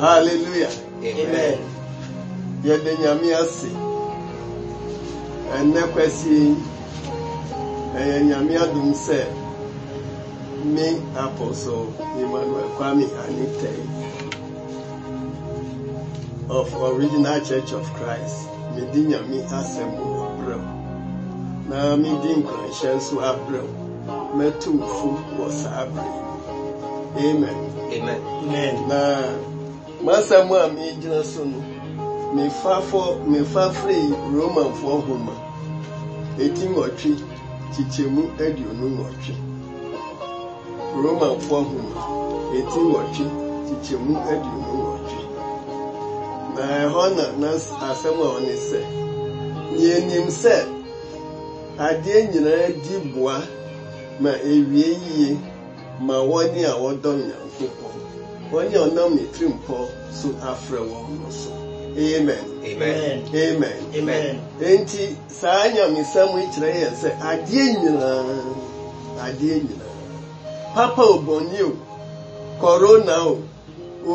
Hallelujah. Amen. Yɛde nyame ase. Ɛnɛ kwasi ɛyɛ nyame adum sɛ Mi apostle Emmanuel Kwame Anitae of Original Church of Christ. Mi Medi nyame asɛm abrɛ na mi medi nkranhyɛ nso abrɛ mɛtu mfu wɔ saa abere. Amen. Amen. Amen. Na masa mu a megyina so no mefa frei romanfoɔ homa ɛti nwɔtwe kyikyɛmu aduonu nwɔtwe romanfoɔ homa ɛti nwɔtwe kyikyɛmu aduonu nwɔtwe na ɛhɔ na asɛm a ɔne sɛ yɛnim sɛ adeɛ nyinaa di boa ma ewie yie ma wɔne a wɔdɔ nyankopɔn onye ọnọ metri mpọ so afrɛwɔ no so amen amen amen amen enti saa nyamesɛm kyerɛ yɛn sɛ adeɛ nyinaa adeɛ nyinaa papa obɔnyi o korona o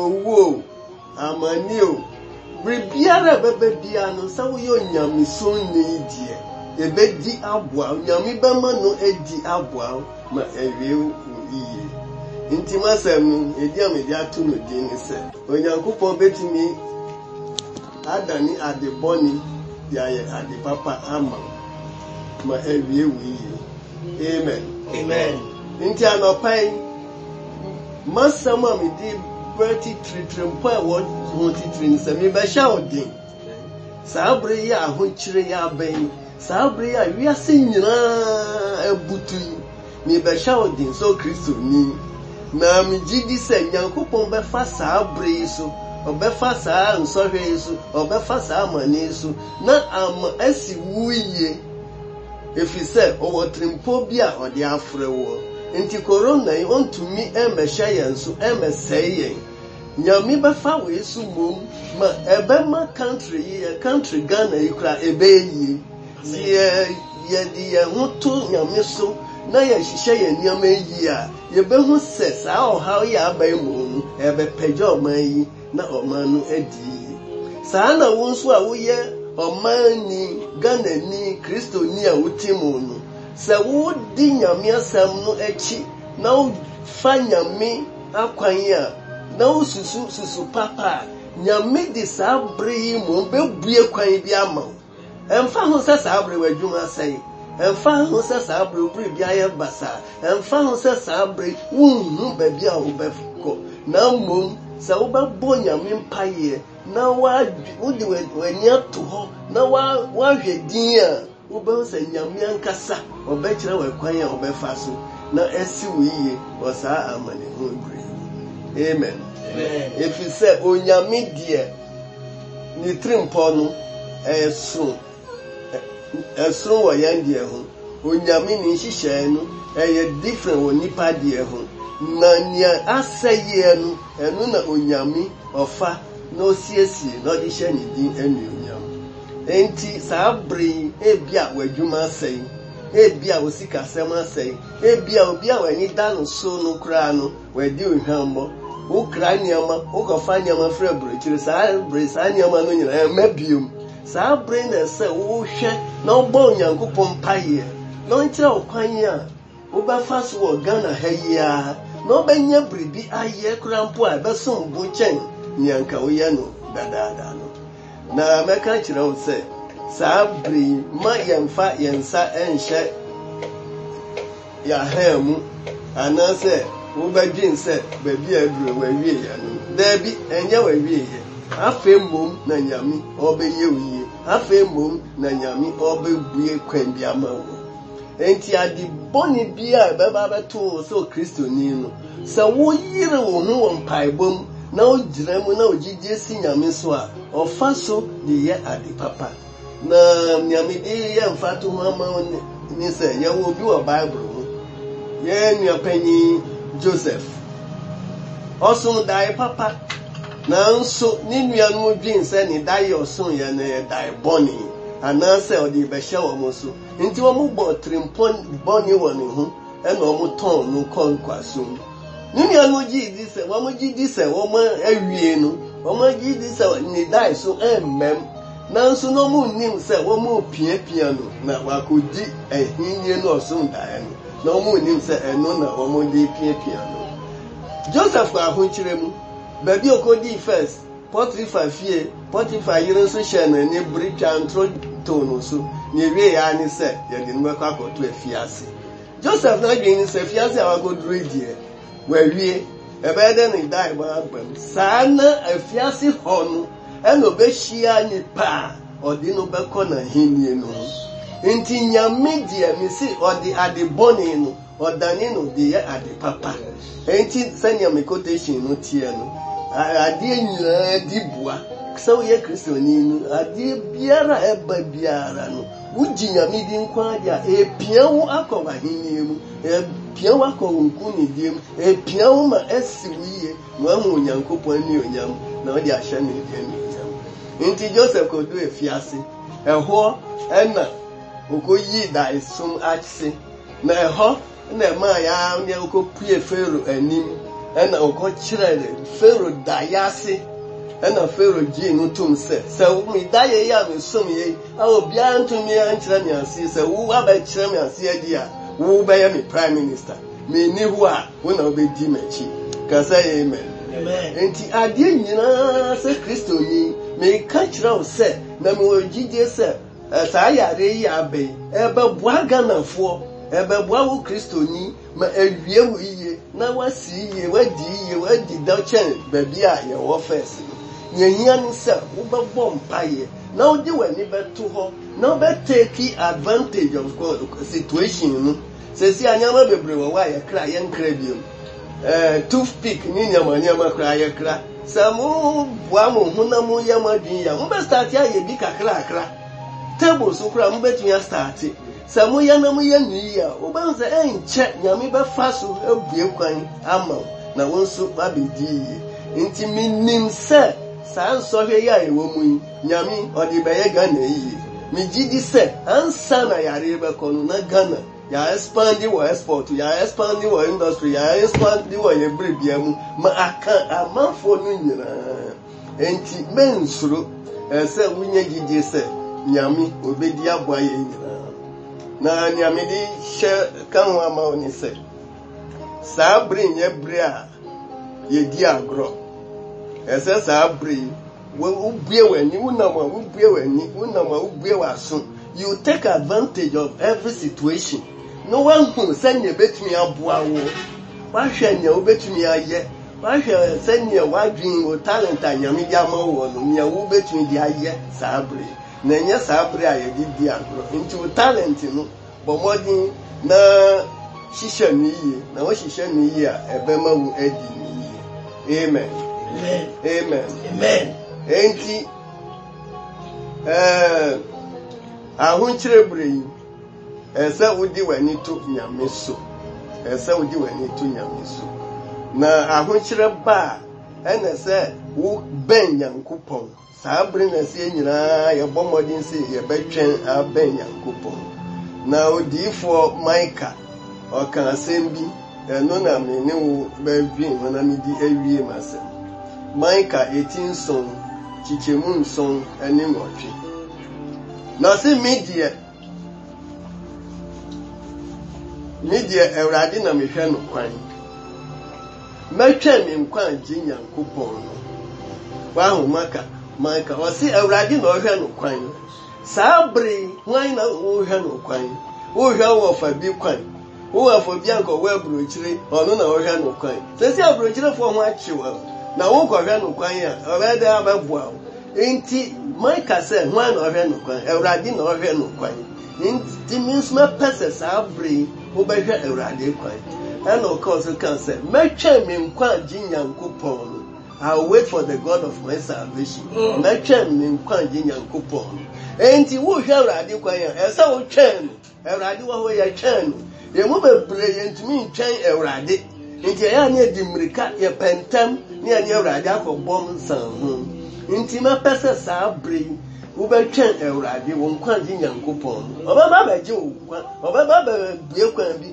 owu o amani o biribiara bɛbɛ bia no sɛ woyɛ onyamesonni deɛ ebedi aboa onyame bɛma no edi aboa ma ɛwie wo yie nti masɛm no ɛdi a mede atụ n'ụdị n'ise. ne sɛ onyankopɔn bɛtumi adane ade bɔne de ayɛ ade papa ama ma awie wo yie amen amen nti anɔpae masɛm a mede berɛ titiri mpo a ɛwɔ ho titiri ne sɛ mebɛhyɛ wo den saa abụrụ yi a ahokyere yɛ abɛn saa abụrụ yi a wiase nyinaa abutu yi mebɛhyɛ wo den sɛ kristo ni maame gyidi sɛ nyankopɔn bɛfa saa bere yi so ɔbɛfa saa nsɔhwɛ yi so ɔbɛfa saa amane yi so na ama asi wu yie ɛfiri sɛ ɔwɔ tirimpo bi a ɔde afrɛ wɔ nti korona yi ɔntumi ɛmmɛhyɛ yɛn so ɛmmɛsɛe yɛn nyame bɛfa wei so mmom ma ɛbɛma country yi yɛ country ghana yi kora ɛbɛyɛ yie yɛde yɛn ho to nyame so na yɛhyehyɛ yɛn nneɛma yi a yɛbɛhu sɛ saa ɔhaw yi aba mu no ɛbɛpɛgya ɔman yi na ɔman no adi saa na wo nso a woyɛ Ghana ɔmanni Kristo kristoni a wote mu no sɛ wodi nyame asɛm no akyi na wofa nyame akwan a na wosusu susu papa a nyame de saa bere yi mu bɛbue kwan bi ama wo ɛmfa ho sɛ saa bere wɔ adwuma asɛe ɛmfa ho sɛ saa berɛbere bi ayɛ ba ɛmfa ho sɛ saa wonhu baabi a wobɛkɔ na mmom sɛ wobɛbɔ nyame mpayeɛ na wode w'ani ato hɔ na woahwɛ din a wobɛhu sɛ nyame ankasa ɔbɛkyerɛ a so na ɛsi wo yie wɔ saa amane ho bere amen onyame deɛ ne tirimpɔ no ɛsoro wɔ yɛn deɛ ho onyame ne nhyehyɛe no ɛyɛ different wɔ nipa deɛ ho na nea asɛeɛ no ɛno na onyame ɔfa na ɔsiesie na ɔde hyɛ ne din anuonyam Nti saa bere yi ebi a w'adwuma asɛe ebi a osikasɛm asɛe ebi a obi a w'ani da no so no koraa no w'adi ohwammɔ wokra nneɛma wokɔfa nneɛma frɛ aburokyire saa bere saa nneɛma no nyinaa ɛma biom saa abere na sɛ wohwɛ na ɔbɔ onyankopɔn mpaeɛ na ɔnkyerɛ wo kwan a wobɛfa so wɔ ghana ha yi ara na ɔbɛnya biribi ayɛ kora mpo a ɛbɛsom bo nkyɛn nea nka woyɛ no dadaada no na mɛka kyerɛ wo sɛ saa bere yi ma yɛmfa nsa nhyɛ yɛahaa mu anaasɛ wobɛdwen sɛ baabi a aduro wawieɛ no daabi ɛnyɛ wawieɛ afei mmom na nyame ɔbɛyɛ wo yie afei mmom na nyame ɔbɛbue kwan bi ama wo nti ade bɔne bi a ɛbɛba bɛto wo sɛ kristoni no sɛ woyere wo ho wɔ mpaebɔ mu na wogyina mu na wogyegye si nyame so a ɔfa so de yɛ ade papa na nyame de yɛmfa to ho ama ne sɛ yɛwɔ bi wɔ bible mu yɛn nnuapanyin joseph ɔso dae papa nanso ne nuanom dwen sɛ ne da yɛ ɔso yɛ no yɛ da bɔne anaasɛ ɔde bɛhyɛ wɔn so nti wɔn bɔ tirempɔn bɔne wɔ ne ho ɛna wɔn tɔn no kɔ nkwaso mu ne nuanom gye di sɛ wɔn gye di sɛ wɔn awie no wɔn gye di sɛ ne da so ɛmmɛm nanso na wɔn nim sɛ wɔn piapia no na wakɔdi ɛhinie no ɔso daeɛ no na wɔn nim sɛ ɛno na wɔn de piapia no joseph ahokyerɛ mu. Baabi e a okodi first Pọtifa fie Pọtifa yere nso hyɛ no ne birikya ntorotoo no so na ewie ya ne sɛ yɛde no bɛkɔ akɔto afiase Joseph na adwene ne sɛ afiase a wakɔduro deɛ wawie ɛbɛyɛ dɛ ne da ɛbɔ abam saa na afiase hɔ no ɛna obehyia nipa a ɔde no bɛkɔ n'ahenie no nti nyame deɛ mesi ɔde ade bɔne no ɔdane no de yɛ ade papa nti sɛnea me quotation no teɛ no. adịghị nyere dibụa sɛ woyɛ kristoni no adeɛ biara ebe biara no wogye nyame di nkwagye a ɛpia wo akɔ w'ahenniɛ mu ɛpia wo akɔ wo nkonedeɛ mu ɛpia wo ma ɛsi wo yie na woahu onyankopɔn ne na wode ahyɛ ne deɛ ne onyam nti joseph kɔdo afiase ɛhɔ ɛna ɔkɔyii daesom akye na ɛhɔ na ɛmaa yɛa ne ɔkɔpue fero anim ɛna ɔkɔ kyerɛ ne fero da yase ɛna fero gye no tum sɛ sɛ meda yɛ yi a mesom yɛ a obiara ntumi ankyerɛ me ase sɛ wo abɛkyerɛ me ase adi a wo bɛyɛ me prime minister menni ho a wo na wobɛdi m'akyi ka sɛ amen nti adeɛ nyinaa sɛ kristoni meka kyerɛ wo sɛ na mewɔ gyidie sɛ saa yare yi abɛi ɛbɛboa ghanafoɔ ɛbɛboa wo kristoni ma awie wo yie na woasi yie woadi yie woadi dɔ kyɛn baabi a yɛwɔ fɛs no nyɛhia ne sɛ wobɛbɔ mpaeɛ na wode w'ani bɛto hɔ na wobɛtaki advantage of situation no sɛsi a nneɛma bebree wɔ hɔ a yɛkra yɛnkra biom ɛɛ toothpick ne nneɛma nneɛma koraa yɛkra sɛ moboa mo ho na moyɛ mo adwene yɛ mobɛstarte ayɛ bi kakrakra table so koraa mobɛtumi astarte sɛ moyɛ na moyɛ nwiyi a wobɛhu sɛ ɛnkyɛ nyame bɛfa so abue kwan ama wo na wo nso woabɛdi yie nti menim sɛ saa nsɔhwɛ yi a ɛwɔ mu yi nyame ɔde bɛyɛ ghana yie megye di sɛ ansa na yare bɛkɔ no na ghana yàá expandi wɔ export yàá expandi wɔ industry yàá expandi wɔ yɛ bere mu ma aka amanfoɔ no nyinaa nti mbɛnsoro ɛsɛ wonye gyigye sɛ nyame obedi aboa yɛ nyinaa na nyamedi hyɛ ka ho ama wo ne sɛ saa bere nyɛ bere a yɛdi agorɔ ɛsɛ saa bere yi wobue w'ani wonam a wobue w'ani wonam a wobue w'aso you take advantage of every situation na woahu sɛnea ɛbɛtumi aboa wo woahwɛ nea wobɛtumi ayɛ woahwɛ sɛnea woadwen wo talent a nyame de ama wo wɔ no nea wobɛtumi de ayɛ saa bere yi na-enye saa prayer ya gị dị agụrụ ntu talent na ṣiṣẹ n'iyi na n'iyi a ebe mmawu edi n'iyi amen amen amen enti ee ahụnkyerɛ buru yi ɛsɛ wodi na ahụnkyerɛ ba a ɛna sɛ saa bere na ɛseɛ nyinaa yɛbɔ mmɔden sɛ yɛbɛtwɛn abɛn nyankopɔn na odiyifoɔ maika ɔka asɛm bi ɛno na me ne wo bɛdwen ho na medi awie m maika eti nson kyikyɛmu nson ne nwɔtwe na ɔse me deɛ me awurade na mehwɛ no kwan mɛtwɛn me nkwa agye nyankopɔn no wahoma ka maka ɔsi awurade na ɔhwɛ no kwan saa bere wɔn na wɔhwɛ no kwan wɔhwɛ wɔ fa bi kwan wɔwɔ fa bi anka ɔwɔ aburokyire ɔno na ɔhwɛ no kwan sɛsi aburokyirefoɔ ho akyi wɔn na wɔkɔhwɛ no kwan a ɔbɛyɛ dɛ abɛboa wɔn nti maka sɛ wɔn na ɔhwɛ no kwan awurade na ɔhwɛ no kwan nti mi nso mɛpɛ sɛ saa bere wɔbɛhwɛ awurade kwan ɛna ɔka ɔso kan sɛ mɛtwɛn mi nkwa agye nyankopɔn no. I wait for the God of my salvation. Mɛtwɛn ne nkwan gye nyankopɔn. Enti wohwɛ Awurade kwan yɛn, ɛsɛ wotwɛn no. Awurade wɔ hɔ yɛtwɛn no. Yɛn mu bebree yɛntumi ntwɛn Awurade. Nti ɛyɛ a ne yɛdi mmirika yɛpɛ ntɛm ne yɛne Awurade akɔbɔ nsan ho. Nti mɛpɛ sɛ saa bere yi wobɛtwɛn awurade wo nkwagye nyankopɔn ɔbɛba abɛgye wo kwa ɔbɛba abɛbue kwan bi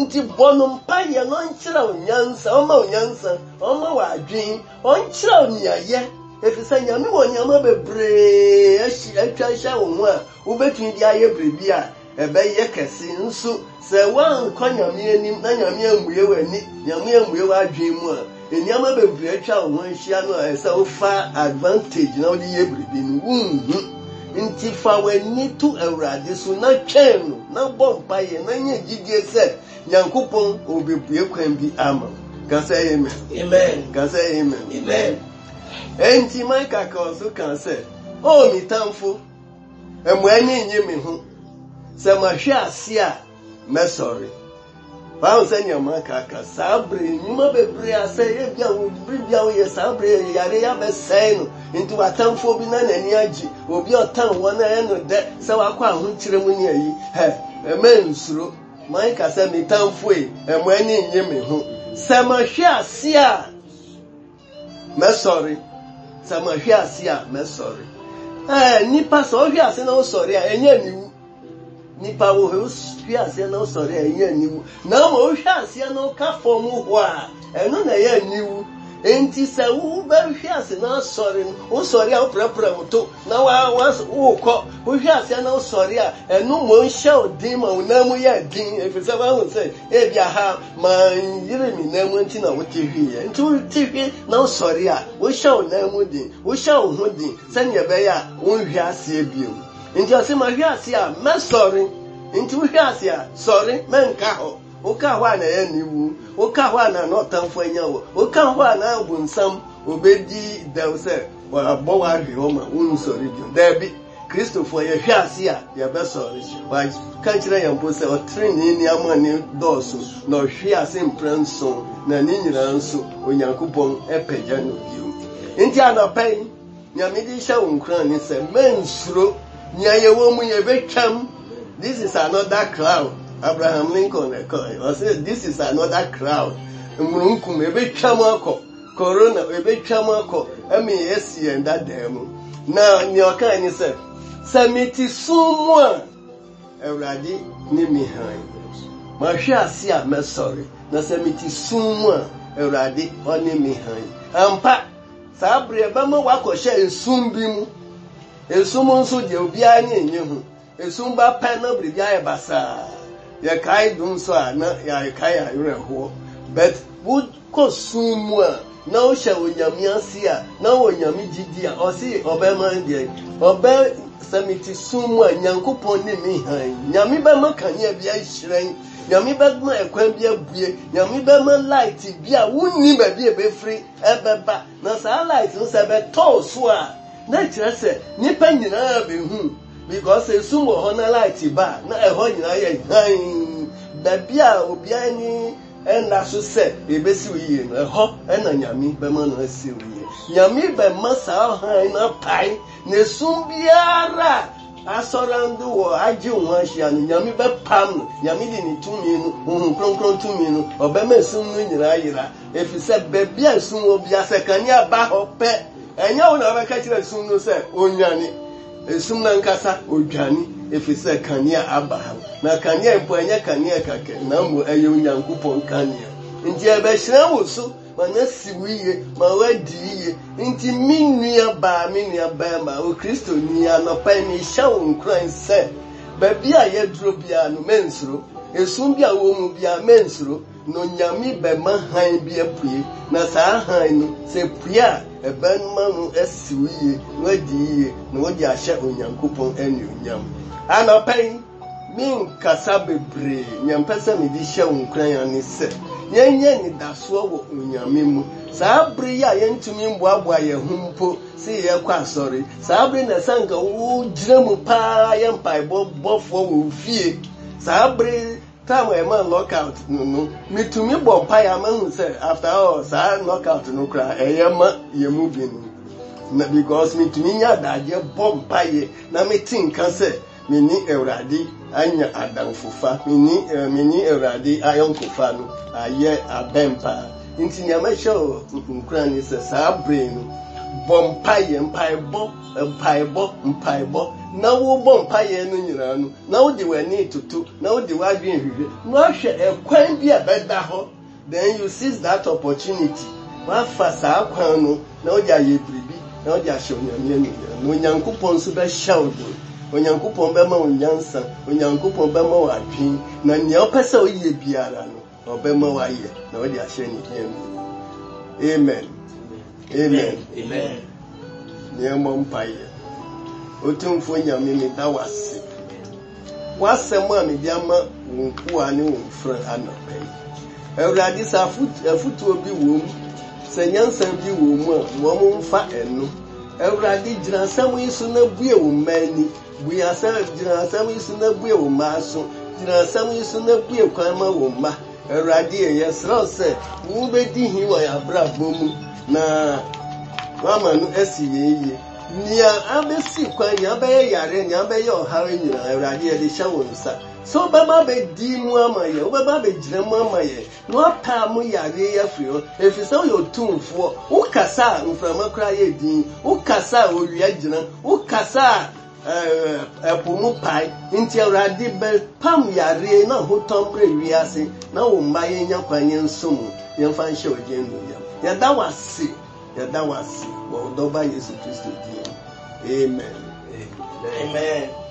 nti bɔ no mpayɛ na ɔnkyerɛ wo nyansa ɔma wo nyansa ɔma wo adwen ɔnkyerɛ wo neayɛ ɛfiri sɛ nyame wɔ nneɛma bebree atwa ahyia wo ho a wobɛtumi de ayɛ biribi a ɛbɛyɛ kɛse nso sɛ woankɔ nyame anim na nyame ammue w'ani nyame ammue w'adwen mu a ènìyàn má bẹ bìrẹ twa ahyia no a ɛsɛ wofa advantage na wode yɛ biribi no wonhu nti fa w'ani to awurade so na twɛn no na bɔ mpaeɛ na nyɛ gyidie sɛ nyankopɔn ɔbɛbue kwan bi ama ka sɛ amen ka sɛ amen ɛnti maika kaw so ka sɛ ɔɔ me tamfo ɛmoa ne nye me ho sɛ mahwɛ ase a mɛsɔre paul sɛ nyama kaka saa bere nnwuma bebree asɛ yɛbia wo bere bia woyɛ saa bere yare yɛabɛsɛe no nti watamfoɔ bi na n'ani agye obi ɔtan wɔn a ɛno dɛ sɛ wakɔ ahokyerɛ mu ne ayi hɛ ɛmɛ nsuro man kasa mi tamfoɔ yi ɛmo ani nye me ho sɛ mahwɛ ase a mɛsɔre sɛ mahwɛ ase a mɛsɔre ɛɛ nipa sɛ ɔhwɛ ase na ɔsɔre a ɛnyɛ niwu nipa wo hwɛ wohwɛ aseɛ na wosɔre a ɛnyɛ aniwu na ma wohwɛ aseɛ na woka fam hɔ a ɛno na ɛyɛ aniwu nti sɛ wobɛhwɛ ase na asɔre no wosɔre a woprɛprɛ wo to na wokɔ wohwɛ aseɛ na wosɔre a ɛno mmɔ nhyɛ wo din ma wo nam yɛ din ɛfiri sɛ woahu sɛ ebi aha manyere me nam nti na wote hwieɛ nti wote hwe na wosɔre a wohyɛ wo nam din wohyɛ wo ho din sɛneɛ ɛbɛyɛ a wonhwɛ aseɛ bio nti ɔsi ma hwɛ ase a mɛ sɔre nti wohwɛ ase a sɔre mɛ nka hɔ woka hɔ a na ɛyɛ ne wu woka a na na ɔtamfo anya wɔ woka hɔ a na abonsam obedi dɛw sɛ wɔabɔ wahwe hɔ ma wonsɔre dwom daabi kristofoɔ yɛhwɛ ase a yɛbɛsɔre ka kyerɛ yɛn mpo sɛ ɔterene ni ama ne dɔɔso na ɔhwe ase mprɛ nson na ne nyinaa nso onyankopɔn ɛpɛgya no bio nti anɔpɛ yi nyame de hyɛ wo nkora ne sɛ mansuro nyanyewo mu yẹn bɛtwam this is another crowd abraham lincoln ɛkɔ eh, ɔsɛ eh, this is another crowd mmurunkum ebɛtwam akɔ corona ebɛtwam akɔ ɛmi esi yɛn dadaa mu na nea ɔka ni sɛ sɛ mi ti sun mu a awurade ne mi hàn mahwɛ ase a mɛsɔre na sɛ mi ti sun e mu a awurade ɔne mi hàn ampa saa abiri ɛbɛma wakɔhyɛ nsum bi mu esum nso deɛ obiara ne enye ho esum ba pan na biribi ayɛ basaa yɛkae dum nso a na yɛkae awerɛhoɔ but wokɔ sum mu a na wohyɛ onyame ase a na wonyame gyidi a ɔse ɔbɛma deɛ ɔbɛ sɛmete sum mu a nyankopɔn ne me han nyame bɛma kanea bi ahyerɛn nyame bɛma ɛkwan bi abue nyame bɛma light bi a wonni baabi a ɛbɛfiri ɛbɛba na saa light no sɛ ɛbɛtɔɔ so a na kyerɛ sɛ nnipa nyinaa bɛhu because esu wɔ hɔ na light ba na ɛhɔ nyinaa yɛ hann baabi a obiara ni ɛnna so sɛ ebesi wo yie no ɛhɔ ɛna nyame bɛma no asi wo yie bɛma saa hann na pae na esu biara asɔrando wɔ agye wɔn ahyia no nyame bɛpam no nyame de ne tumi no ohun kronkron tumi no ɔbɛma esum no nyinaa yira efisɛ baabi a esum wɔ bia sɛ kanea ba hɔ pɛ. ɛnyɛ wo na wobɛka kyerɛ esum no sɛ onyane esum no ankasa odwane ɛfiri sɛ kanea aba ha na kanea mpo ɛnyɛ kanea kakɛ na mmom ɛyɛ onyankopɔn kanea nti ɛbɛhyerɛ wo so ma na si wo iye ma woadi yie nti me nua baa me nua bɛrima o kristoni anɔpa ne hyɛ wo nkuran sɛ beebi a yɛduro biara no nsoro esum bi a wɔ mu biara nsoro na onyame bɛma hann bi apue na saa hann no sɛ pue a ɛbɛn no ma no asi wo yie na wadi yie na wodi ahyɛ onyankopɔn anuonyam anɔpa yi menkasa bebree nye mpɛ sɛ mede hyɛ wo nkuran a ne sɛ yɛnyɛ nidasoɔ wɔ onyame mu saa bere yi a yɛntumi mboaboa yɛn ho mpo sɛ yɛkɔ asɔre saa bere na ɛsɛ nka wogyina mu paa yɛ mpaebɔ bɔfoɔ wɔ fie saa bere taa wee ma knockout nunu mitumi bɔ mpa ya ma hu sɛ after saa knockout no kora ɛyɛ e ma yɛ mu bi no na because mitumi nye adagye bɔ mpa yɛ na mete nka sɛ mini awurade anya adamfofa mini uh, e, mini awurade ayɔnkofa no ayɛ abɛn paa nti nea mɛhyɛ o nkura ne saa bere nụ. bɔ mpaeɛ mpaebɔ mpaebɔ mpaebɔ na wobɔ mpaeɛ no nyinaa no na wode w'ani toto na wode w'adwene hwehwɛ na wahwɛ ɛkwan bi a bɛda hɔ then you seize that opportunity wafa saa kwan no na wode ayɛ biribi na wode ahyɛ onyame anuonyam na onyankopɔn nso bɛhyɛ wo onyankopɔn bɛma wo nyansa onyankopɔn bɛma wo na nea sɛ biara no ɔbɛma wo ayɛ na wode ahyɛ ne amen Amen. Amen. Neman paye. Otumfo nyame mi da wase. Wasɛm a mede ama ne yi. sɛ bi wɔ mu, sɛ nyansa bi wɔ mu a, ma mfa ɛno. Awurade gyina asɛm yi so na bue mma ani. gyina asɛm yi so na bue mma so. Gyina yi so na bue kwan mma. radie ya srose wube dihi iwa ya brabom na amanu esiye iye nya abesikwa nyabe yare nyabe yo hawe nyina radie de shawonsa so baba be di mu amaye baba be jire mu ama amaye na wapa mu yare ya firi hɔ efisɛ woyɛ otumfoɔ wokasa a mframa koraa yɛ din wokasa a owia gyina wokasa a ɛpo mu pae nti awurade pam yareɛ na ahotɔ mmerɛ wiase na wo mma yɛnya kwan yɛnso mu yɛmfa nhyɛ ogye nnuonyam yɛda wo ase yɛda wo ase wɔ dɔba yesu kristo din amen amen, amen.